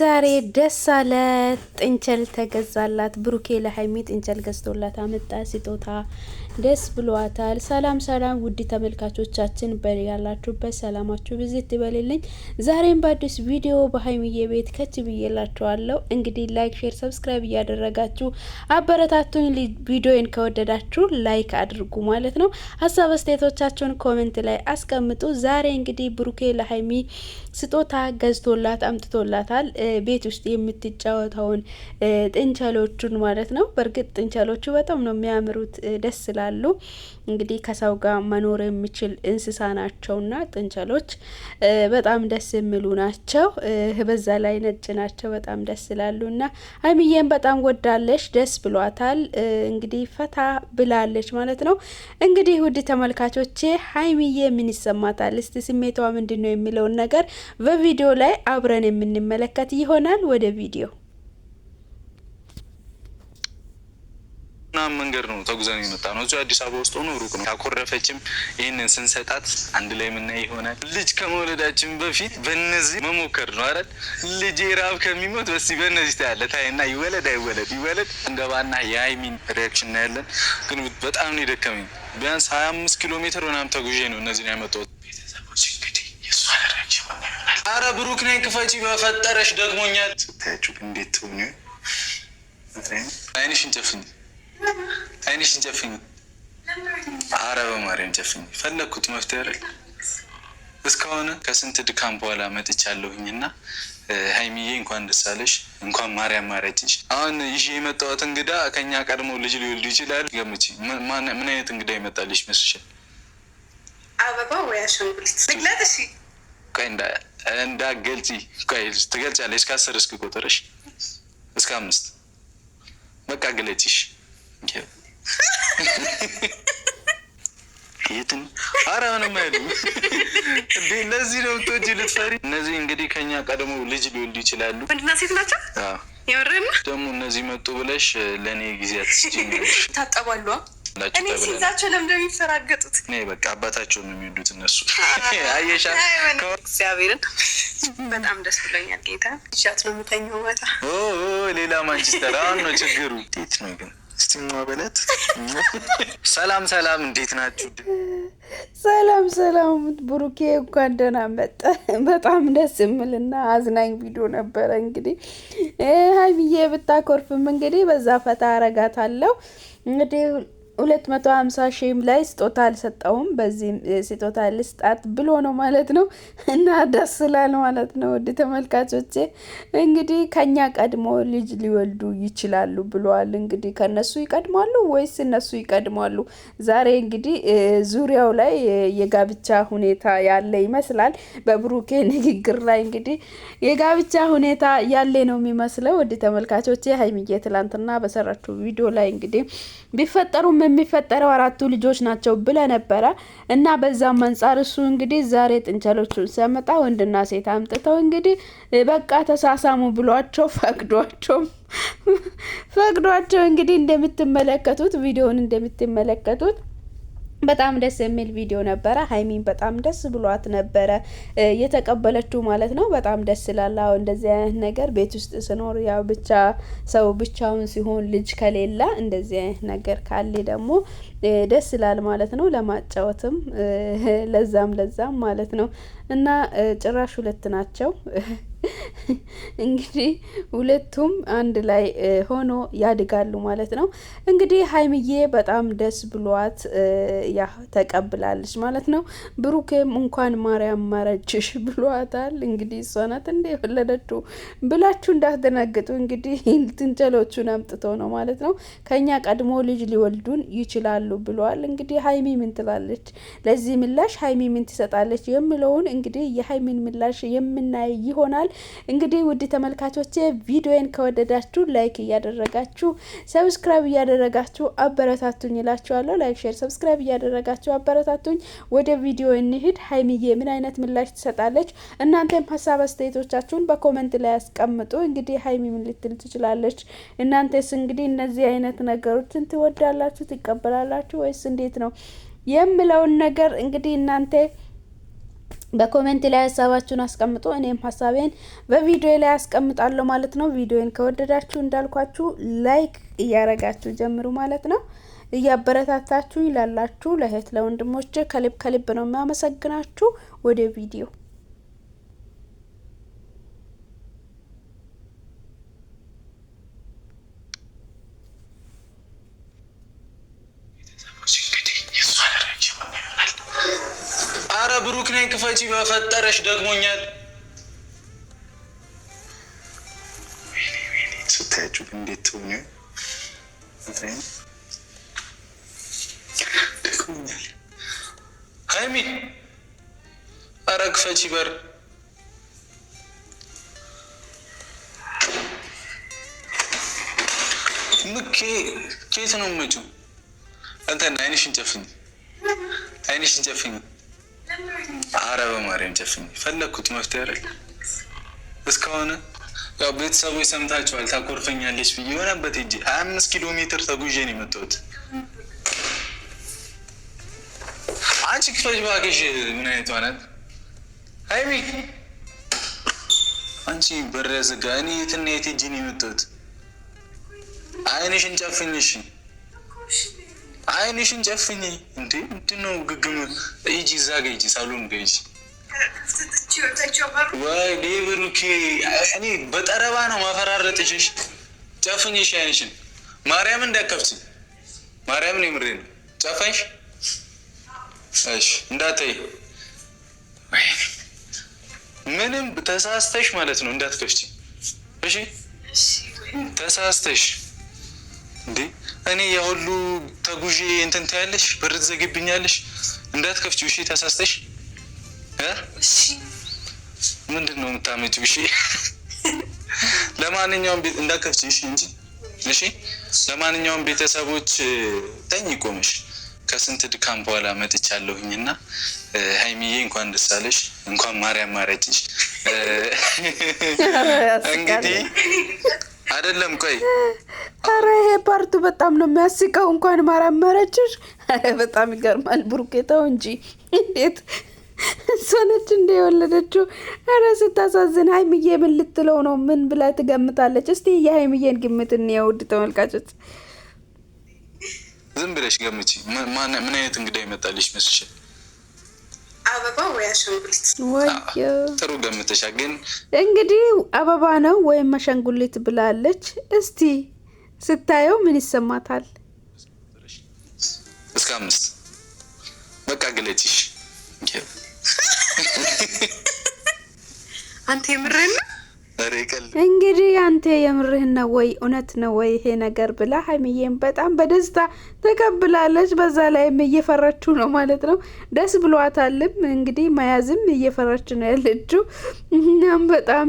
ዛሬ ደስ አለ። ጥንቸል ተገዛላት። ብሩኬ ለሀይሚ ጥንቸል ገዝቶላት አመጣ ስጦታ ደስ ብሏታል። ሰላም ሰላም፣ ውድ ተመልካቾቻችን በያላችሁበት ሰላማችሁ ብዝት ይበልልኝ። ዛሬም በአዲስ ቪዲዮ በሀይሚዬ ቤት ከች ብዬላችኋለሁ። እንግዲህ ላይክ፣ ሼር፣ ሰብስክራይብ እያደረጋችሁ አበረታቱኝ። ቪዲዮን ከወደዳችሁ ላይክ አድርጉ ማለት ነው። ሀሳብ አስተያየቶቻችሁን ኮሜንት ላይ አስቀምጡ። ዛሬ እንግዲህ ብሩኬ ለሀይሚ ስጦታ ገዝቶላት አምጥቶላታል። ቤት ውስጥ የምትጫወተውን ጥንቸሎቹን ማለት ነው። በእርግጥ ጥንቸሎቹ በጣም ነው የሚያምሩት፣ ደስ ይላል ይችላሉ። እንግዲህ ከሰው ጋር መኖር የሚችል እንስሳ ናቸውና ጥንቸሎች በጣም ደስ የሚሉ ናቸው። በዛ ላይ ነጭ ናቸው። በጣም ደስ ይላሉ እና ሀይሚዬም በጣም ወዳለች፣ ደስ ብሏታል። እንግዲህ ፈታ ብላለች ማለት ነው። እንግዲህ ውድ ተመልካቾቼ ሀይሚዬ ምን ይሰማታል? እስቲ ስሜቷ ምንድን ነው የሚለውን ነገር በቪዲዮ ላይ አብረን የምንመለከት ይሆናል። ወደ ቪዲዮ ምናምን መንገድ ነው ተጉዘን የመጣ ነው። እዚ አዲስ አበባ ውስጥ ሆኖ ሩቅ ነው። ያኮረፈችም ይህንን ስንሰጣት አንድ ላይ የምናይ ይሆናል። ልጅ ከመውለዳችን በፊት በነዚህ መሞከር ነው አይደል? ልጅ ራብ ከሚሞት በስ በነዚህ ታያለ ታይና ይወለድ አይወለድ ይወለድ እንገባና የሀይሚን ሪያክሽን እናያለን። ግን በጣም ነው የደከመኝ። ቢያንስ ሀያ አምስት ኪሎ ሜትር ምናምን ተጉዤ ነው እነዚህ ነው ያመጣሁት። አረ ብሩክ ነኝ ክፈቺ በፈጠረሽ ደግሞኛል። ስታያችሁ እንዴት ትሆኛል? አይንሽን ጨፍኝ አይንሽን ጨፍኝ። አረ በማርያም ጨፍኝ። ፈለግኩት መፍትሄ አይደል። እስካሁን ከስንት ድካም በኋላ መጥቻለሁኝ እና ሀይሚዬ እንኳን ደስ አለሽ፣ እንኳን ማርያም ማረችሽ። አሁን ይዤ የመጣሁት እንግዳ ከኛ ቀድሞ ልጅ ሊወልድ ይችላል። ገምች ምን አይነት እንግዳ ይመጣልሽ ይመስልሻል? አበባ ወይ አሻንጉሊት ልግለጥ? እሺ ቆይ እንዳትገልጪ። ቆይ ትገልጫለሽ። ከአስር እስኪ ቆጠረሽ እስከ አምስት በቃ ግለጪሽ የትን አረ ምንም አይሉም እንዴ! እነዚህ ነው ምቶች ልትፈሪ። እነዚህ እንግዲህ ከኛ ቀድሞ ልጅ ሊወልዱ ይችላሉ። ወንድና ሴት ናቸው። የምርና ደግሞ እነዚህ መጡ ብለሽ ለእኔ ጊዜ አትስጭኛለሽ። ይታጠባሉ እኔ ሲይዛቸው ለምደ የሚፈራገጡት እኔ በቃ አባታቸው ነው የሚወዱት እነሱ። አየሻ እግዚአብሔርን በጣም ደስ ብሎኛል ጌታ። ይዣት ነው የምተኛው። ማታ ሌላ ማንቸስተር አሁን ነው ችግሩ። እንዴት ነው ግን ሰላም ሰላም፣ እንዴት ናችሁ? ሰላም ሰላም። ብሩኬ እንኳን ደህና መጠ። በጣም ደስ የሚልና አዝናኝ ቪዲዮ ነበረ። እንግዲህ ሀይሚዬ ብታኮርፍም እንግዲህ በዛ ፈታ አረጋታለሁ እንግዲህ ሁለት መቶ ሀምሳ ሺህም ላይ ስጦታ አልሰጠውም። በዚህ ስጦታ ልስጣት ብሎ ነው ማለት ነው። እና ደስ ስላል ማለት ነው። ውድ ተመልካቾቼ እንግዲህ ከኛ ቀድሞ ልጅ ሊወልዱ ይችላሉ ብለዋል። እንግዲህ ከነሱ ይቀድማሉ ወይስ እነሱ ይቀድማሉ? ዛሬ እንግዲህ ዙሪያው ላይ የጋብቻ ሁኔታ ያለ ይመስላል። በብሩኬ ንግግር ላይ እንግዲህ የጋብቻ ሁኔታ ያለ ነው የሚመስለው። ውድ ተመልካቾቼ ሀይሚዬ ትላንትና በሰራችው ቪዲዮ ላይ እንግዲህ ቢፈጠሩ የሚፈጠረው አራቱ ልጆች ናቸው ብለ ነበረ እና በዛም አንጻር እሱ እንግዲህ ዛሬ ጥንቸሎቹን ሲያመጣ ወንድና ሴት አምጥተው እንግዲህ በቃ ተሳሳሙ ብሏቸው ፈቅዷቸው ፈቅዷቸው እንግዲህ እንደምትመለከቱት ቪዲዮውን እንደምትመለከቱት በጣም ደስ የሚል ቪዲዮ ነበረ። ሀይሚን በጣም ደስ ብሏት ነበረ የተቀበለችው ማለት ነው። በጣም ደስ ይላል። እንደዚህ አይነት ነገር ቤት ውስጥ ስኖር ያው ብቻ ሰው ብቻውን ሲሆን ልጅ ከሌላ እንደዚህ አይነት ነገር ካለ ደግሞ ደስ ይላል ማለት ነው። ለማጫወትም ለዛም ለዛም ማለት ነው እና ጭራሽ ሁለት ናቸው። እንግዲህ ሁለቱም አንድ ላይ ሆኖ ያድጋሉ ማለት ነው። እንግዲህ ሀይምዬ በጣም ደስ ብሏት ያ ተቀብላለች ማለት ነው። ብሩኬም እንኳን ማርያም ማረችሽ ብሏታል። እንግዲህ እሷ ናት እንደ የወለደችው ብላችሁ እንዳትደናግጡ። እንግዲህ ትንቸሎቹን አምጥቶ ነው ማለት ነው። ከኛ ቀድሞ ልጅ ሊወልዱን ይችላሉ ብለዋል። እንግዲህ ሀይሚ ምን ትላለች? ለዚህ ምላሽ ሀይሚ ምን ትሰጣለች የምለውን እንግዲህ የሀይሚን ምላሽ የምናይ ይሆናል። እንግዲህ ውድ ተመልካቾቼ ቪዲዮን ከወደዳችሁ ላይክ እያደረጋችሁ ሰብስክራይብ እያደረጋችሁ አበረታቱኝ እላችኋለሁ። ላይክ፣ ሼር፣ ሰብስክራይብ እያደረጋችሁ አበረታቱኝ። ወደ ቪዲዮ እንሂድ። ሀይሚዬ ምን አይነት ምላሽ ትሰጣለች? እናንተም ሀሳብ አስተያየቶቻችሁን በኮመንት ላይ ያስቀምጡ። እንግዲህ ሀይሚ ምን ልትል ትችላለች? እናንተስ እንግዲህ እነዚህ አይነት ነገሮችን ትወዳላችሁ፣ ትቀበላላችሁ አላችሁ ወይስ እንዴት ነው የምለውን ነገር እንግዲህ እናንተ በኮሜንት ላይ ሀሳባችሁን አስቀምጡ። እኔም ሀሳቤን በቪዲዮ ላይ አስቀምጣለሁ ማለት ነው። ቪዲዮን ከወደዳችሁ እንዳልኳችሁ ላይክ እያረጋችሁ ጀምሩ ማለት ነው። እያበረታታችሁ ይላላችሁ ለእህት ለወንድሞች ከልብ ከልብ ነው የሚያመሰግናችሁ። ወደ ቪዲዮ መኪናን ክፈቺ በፈጠረሽ ደግሞኛል። ስታያችሁ እንዴት ትሆኑ ደግሞኛል። ሀይሚ ኧረ ክፈቺ በር ምኬ ኬት ነው መጪው እንትን አይንሽን ጨፍኝ፣ አይንሽን ጨፍኝ አረ በማርያም ጨፍኝ ፈለግኩት መፍትሄ አይደል እስከሆነ ያው ቤተሰቡ ሰምታችኋል። ታኮርፈኛለች ብዬ የሆነበት እጅ ሀያ አምስት ኪሎ ሜትር ተጉዤ ነው የመጣሁት። አንቺ ክፈች እባክሽ። ምን አይነት ናት ሀይሚ? አንቺ በር ዘጋ እኔ የትና የት እጅ ነው የመጣሁት? አይንሽን ጨፍኝሽ አይንሽን ጨፍኝ እንዴ! ምንድን ነው ግግም? እጅ እዛ ጋ ሂጂ፣ ሳሎን ጋ ሂጂ። ወይኔ እኔ በጠረባ ነው ማፈራረጥሽሽ። ጨፍኝሽ አይንሽን፣ ማርያምን እንዳከፍች፣ ማርያምን የምሬ ነው። ጨፋሽ እሺ፣ እንዳታይ ምንም ተሳስተሽ ማለት ነው እንዳትከፍች። እሺ፣ ተሳስተሽ እንዴ እኔ የሁሉ ተጉዤ እንትን ትያለሽ፣ በር ትዘግብኛለሽ፣ እንዳትከፍች ብሽ ተሳስተሽ ምንድን ነው የምታመጭ? ብሽ ለማንኛውም እንዳትከፍቺ እሺ እንጂ እሺ። ለማንኛውም ቤተሰቦች ተኝ ቆመሽ ከስንት ድካም በኋላ መጥቻለሁኝ እና ሀይሚዬ እንኳን ደስ አለሽ፣ እንኳን ማርያም ማረችሽ እንግዲህ አይደለም። ቆይ አረ ይሄ ፓርቱ በጣም ነው የሚያስቀው። እንኳን ማራመረችሽ። በጣም ይገርማል። ቡርኬታው እንጂ እንዴት እሷነች እንደ የወለደችው። አረ ስታሳዝን። ሀይምዬ ምን ልትለው ነው? ምን ብላ ትገምታለች? እስቲ የሀይምዬን ግምት እንየው ውድ ተመልካቾች። ዝም ብለሽ ገምቺ። ምን አይነት እንግዳ ይመጣልሽ መስልሽ? አበባ ወይ አሻንጉሊት ጥሩ ገምተሻ። ግን እንግዲህ አበባ ነው ወይም አሻንጉሊት ብላለች። እስቲ ስታየው ምን ይሰማታል? እስከ አምስት በቃ ግለጭሽ። አንተ የምረና እንግዲህ አንተ የምርህን ነው ወይ እውነት ነው ወይ ይሄ ነገር ብላ ሀይሚዬም በጣም በደስታ ተቀብላለች። በዛ ላይም እየፈራችው ነው ማለት ነው። ደስ ብሏታልም እንግዲህ መያዝም እየፈራች ነው ያለችው። እናም በጣም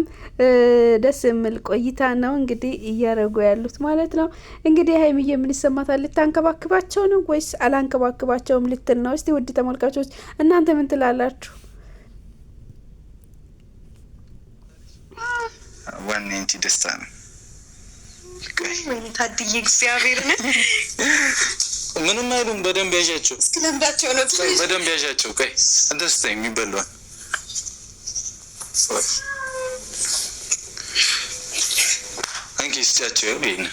ደስ የሚል ቆይታ ነው እንግዲህ እያደረጉ ያሉት ማለት ነው። እንግዲህ ሀይሚዬ ምን ይሰማታል? ልታንከባክባቸው ነው ወይስ አላንከባክባቸውም ልትል ነው? እስቲ ውድ ተመልካቾች እናንተ ምን ትላላችሁ? ዋና ያንቺ ደስታ ነው። ታድዬ እግዚአብሔርን ምንም አይሉም። በደንብ ያዣቸው፣ በደንብ ያዣቸው። ቆይ እንትን ስታይ የሚበላዋል አንኪ ስጫቸው። ያው ይሄንን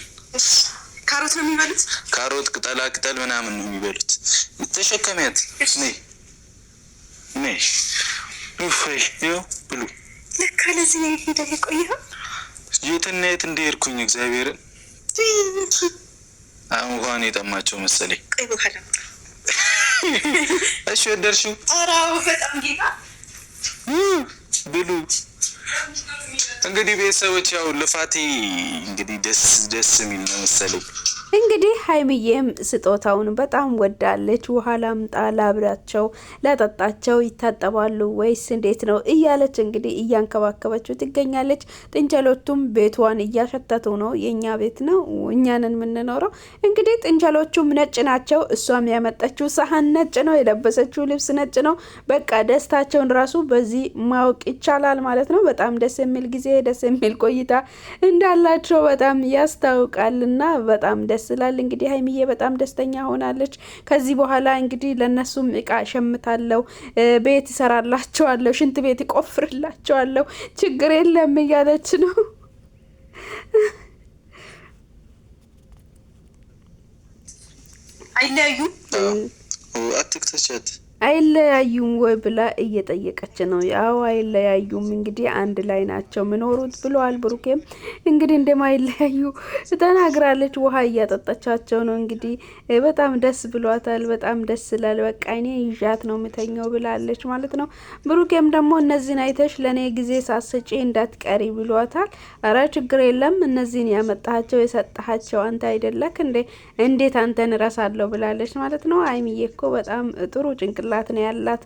ካሮት ነው የሚበሉት። ካሮት፣ ቅጠላ ቅጠል ምናምን ነው የሚበሉት። ተሸከሚያት ብሉ። ለካ ለዚህ ነው የሄደው የቆየው የትና የት እንደሄድኩኝ እግዚአብሔርን ውሃን የጠማቸው መሰለኝ። እሺ ወደድሽው? ብሉ እንግዲህ ቤተሰቦች፣ ያው ልፋቴ እንግዲህ ደስ ደስ የሚል ነው መሰለኝ እንግዲህ ሀይምዬም ስጦታውን በጣም ወዳለች። ውሃ ላምጣ ላብላቸው፣ ላጠጣቸው፣ ይታጠባሉ ወይስ እንዴት ነው እያለች እንግዲህ እያንከባከበችው ትገኛለች። ጥንቸሎቹም ቤቷን እያሸተቱ ነው። የእኛ ቤት ነው እኛንን የምንኖረው። እንግዲህ ጥንቸሎቹም ነጭ ናቸው። እሷም ያመጣችው ሰሀን ነጭ ነው፣ የለበሰችው ልብስ ነጭ ነው። በቃ ደስታቸውን ራሱ በዚህ ማወቅ ይቻላል ማለት ነው። በጣም ደስ የሚል ጊዜ፣ ደስ የሚል ቆይታ እንዳላቸው በጣም ያስታውቃልና በጣም ደስ ይመስላል። እንግዲህ ሀይሚዬ በጣም ደስተኛ ሆናለች። ከዚህ በኋላ እንግዲህ ለእነሱም እቃ ሸምታለው፣ ቤት ይሰራላቸዋለሁ፣ ሽንት ቤት ይቆፍርላቸዋለሁ፣ ችግር የለም እያለች ነው አይለያዩ አይለያዩም ወይ ብላ እየጠየቀች ነው። ያው አይለያዩም እንግዲህ አንድ ላይ ናቸው ምኖሩት ብለዋል። ብሩኬም እንግዲህ እንደማይለያዩ ተናግራለች። ውሃ እያጠጣቻቸው ነው እንግዲህ በጣም ደስ ብሏታል። በጣም ደስ ይላል። በቃ እኔ ይዣት ነው የምተኛው ብላለች ማለት ነው። ብሩኬም ደግሞ እነዚህን አይተሽ ለእኔ ጊዜ ሳሰጪ እንዳትቀሪ ብሏታል። አረ ችግር የለም እነዚህን ያመጣቸው የሰጠሃቸው አንተ አይደለክ እንዴ? እንዴት አንተን እረሳለሁ ብላለች ማለት ነው። አይምዬ እኮ በጣም ጥሩ ጭንቅላ ጭንቅላት ነው ያላት።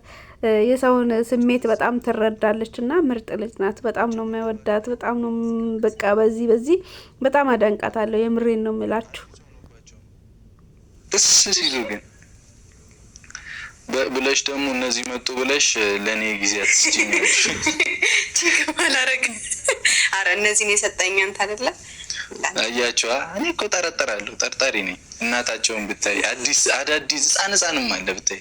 የሰውን ስሜት በጣም ትረዳለች እና ምርጥ ልጅ ናት። በጣም ነው የሚወዳት። በጣም ነው በቃ በዚህ በዚህ በጣም አደንቃታለሁ። የምሬን ነው የሚላችሁ። ደስ ሲሉ ግን ብለሽ ደግሞ እነዚህ መጡ ብለሽ ለእኔ ጊዜ አትስጭኛለሽ። አረ እነዚህን የሰጠኝ አንተ አይደለ? አያቸዋ እኔ እኮ ጠረጠራለሁ። ጠርጣሪ ነኝ። እናታቸውን ብታይ አዲስ አዳዲስ ህጻን ህጻንም አለ ብታይ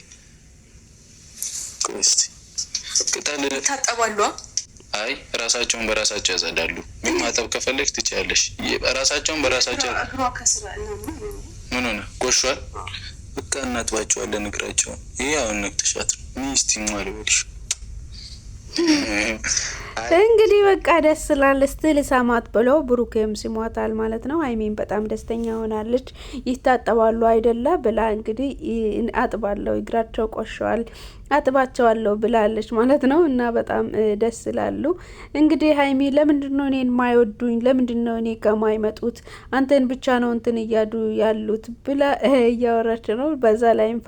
እስኪ ቅጠል ታጠባሉ። አይ ራሳቸውን በራሳቸው ያጸዳሉ። ምን ማጠብ ከፈለግ ትችላለሽ። ራሳቸውን በራሳቸው ምን ሆነ ጎሿል። በቃ እናጥባቸዋለን እግራቸውን። ይህ አሁን ነግተሻት ነው ሚስቲ በልሽ እንግዲህ በቃ ደስ ስላል ስትል ልሳማት ብሎ ብሩክም ሲሟታል ማለት ነው። ሀይሚን በጣም ደስተኛ ሆናለች። ይታጠባሉ አይደለ ብላ እንግዲህ አጥባለው እግራቸው ቆሸዋል አጥባቸዋለሁ ብላለች ማለት ነው። እና በጣም ደስ ይላሉ። እንግዲህ ሀይሚ ለምንድን ነው እኔን ማይወዱኝ? ለምንድን ነው እኔ ከማይመጡት? አንተን ብቻ ነው እንትን እያዱ ያሉት ብላ እያወራች ነው። በዛ ላይም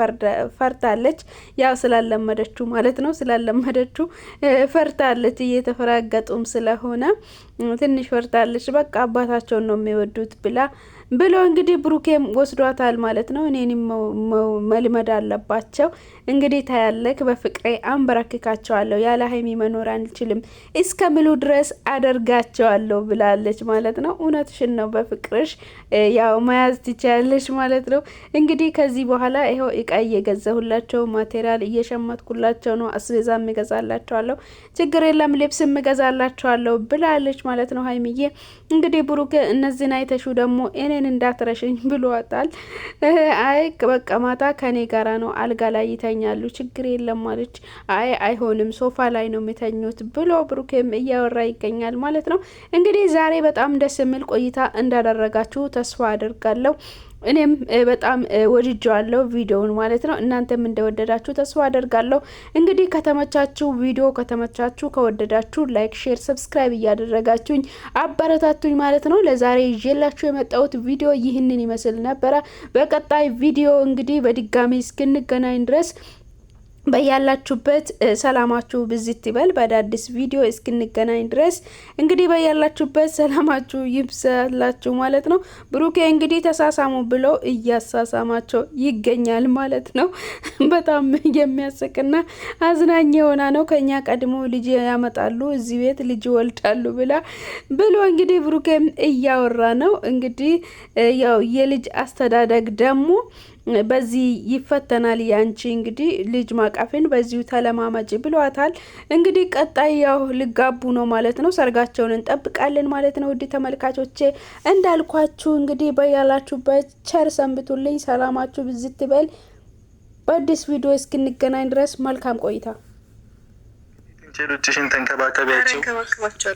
ፈርታለች። ያው ስላለመደችው ማለት ነው። ስላለመደችው ፈርታለች። እየተፈራገጡም ስለሆነ ትንሽ ፈርታለች። በቃ አባታቸውን ነው የሚወዱት ብላ ብሎ እንግዲህ ብሩኬም ወስዷታል ማለት ነው። እኔንም መልመድ አለባቸው እንግዲህ ታያለክ፣ በፍቅሬ አንበረክካቸዋለሁ፣ ያለ ሀይሚ መኖር አንችልም እስከ ምሉ ድረስ አደርጋቸዋለሁ ብላለች ማለት ነው። እውነትሽን ነው፣ በፍቅርሽ ያው መያዝ ትችያለሽ ማለት ነው። እንግዲህ ከዚህ በኋላ ይኸው እቃ እየገዛሁላቸው ማቴሪያል እየሸመትኩላቸው ነው። አስቤዛ እገዛላቸዋለሁ፣ ችግር የለም ልብስ እገዛላቸዋለሁ ብላለች ማለት ነው ሀይሚዬ። እንግዲህ ብሩኬ እነዚህን አይተሹ ደግሞ እኔ እኔን እንዳትረሽኝ ብሏታል። አይ በቃ ማታ ከኔ ጋራ ነው አልጋ ላይ ይተኛሉ፣ ችግር የለም አይ አይሆንም፣ ሶፋ ላይ ነው የሚተኙት ብሎ ብሩኬም እያወራ ይገኛል ማለት ነው። እንግዲህ ዛሬ በጣም ደስ የሚል ቆይታ እንዳደረጋችሁ ተስፋ አድርጋለሁ። እኔም በጣም ወድጀዋለሁ ቪዲዮውን ማለት ነው። እናንተም እንደወደዳችሁ ተስፋ አደርጋለሁ። እንግዲህ ከተመቻችሁ ቪዲዮ ከተመቻችሁ ከወደዳችሁ ላይክ፣ ሼር፣ ሰብስክራይብ እያደረጋችሁኝ አበረታቱኝ ማለት ነው። ለዛሬ ይዤላችሁ የመጣሁት ቪዲዮ ይህንን ይመስል ነበረ። በቀጣይ ቪዲዮ እንግዲህ በድጋሚ እስክንገናኝ ድረስ በያላችሁበት ሰላማችሁ ብዝት ይበል። በአዳዲስ ቪዲዮ እስክንገናኝ ድረስ እንግዲህ በያላችሁበት ሰላማችሁ ይብዛላችሁ ማለት ነው። ብሩኬ እንግዲህ ተሳሳሙ ብሎ እያሳሳማቸው ይገኛል ማለት ነው። በጣም የሚያስቅና አዝናኝ የሆነ ነው። ከኛ ቀድሞ ልጅ ያመጣሉ እዚህ ቤት ልጅ ይወልዳሉ ብላ ብሎ እንግዲህ ብሩኬም እያወራ ነው። እንግዲህ ያው የልጅ አስተዳደግ ደግሞ በዚህ ይፈተናል። ያንቺ እንግዲህ ልጅ ማቀፍን በዚሁ ተለማማጭ ብሏታል። እንግዲህ ቀጣይ ያው ልጋቡ ነው ማለት ነው። ሰርጋቸውን እንጠብቃለን ማለት ነው። ውድ ተመልካቾቼ እንዳልኳችሁ እንግዲህ በያላችሁበት ቸር ሰንብቱልኝ። ሰላማችሁ ብዝት በል። በአዲስ ቪዲዮ እስክንገናኝ ድረስ መልካም ቆይታ። ችሎችሽን ተንከባከቢያቸው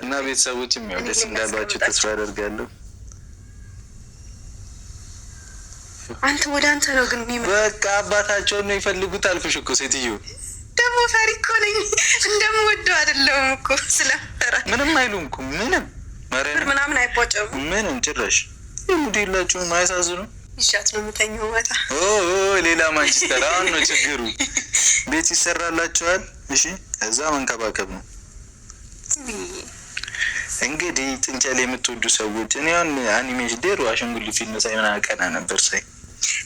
እና ቤተሰቦችም ያው ደስ እንዳሏቸው ተስፋ አደርጋለሁ። አንተ ወደ አንተ ነው ግን በቃ አባታቸውን ነው ይፈልጉት። አልኩሽ እኮ ሴትዮ ደግሞ ፈሪ እኮ ነኝ እንደምወደው አይደለሁም እኮ ስለምፈራ ምንም አይሉም እኮ ምንም ማርያምን ምናምን አይቧጨውም ምንም ጭራሽ ሙድ የላችሁም። አያሳዝኑም። ይሻት ነው የምተኛው ማታ። ሌላ ማንቸስተር አሁን ነው ችግሩ። ቤት ይሰራላችኋል። እሺ እዛ መንከባከብ ነው እንግዲህ። ጥንቸል የምትወዱ ሰዎች እኔ አሁን አኒሜሽ ዴር ዋሽንጉሊ ፊልም ሳይ ምናምን ቀና ነበር ሳይ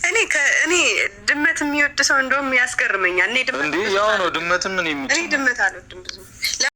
እኔ ከእኔ ድመት የሚወድ ሰው እንደውም ያስገርመኛል። እኔ ድመት ያው ነው ድመትም እኔ ድመት አልወድም ብዙ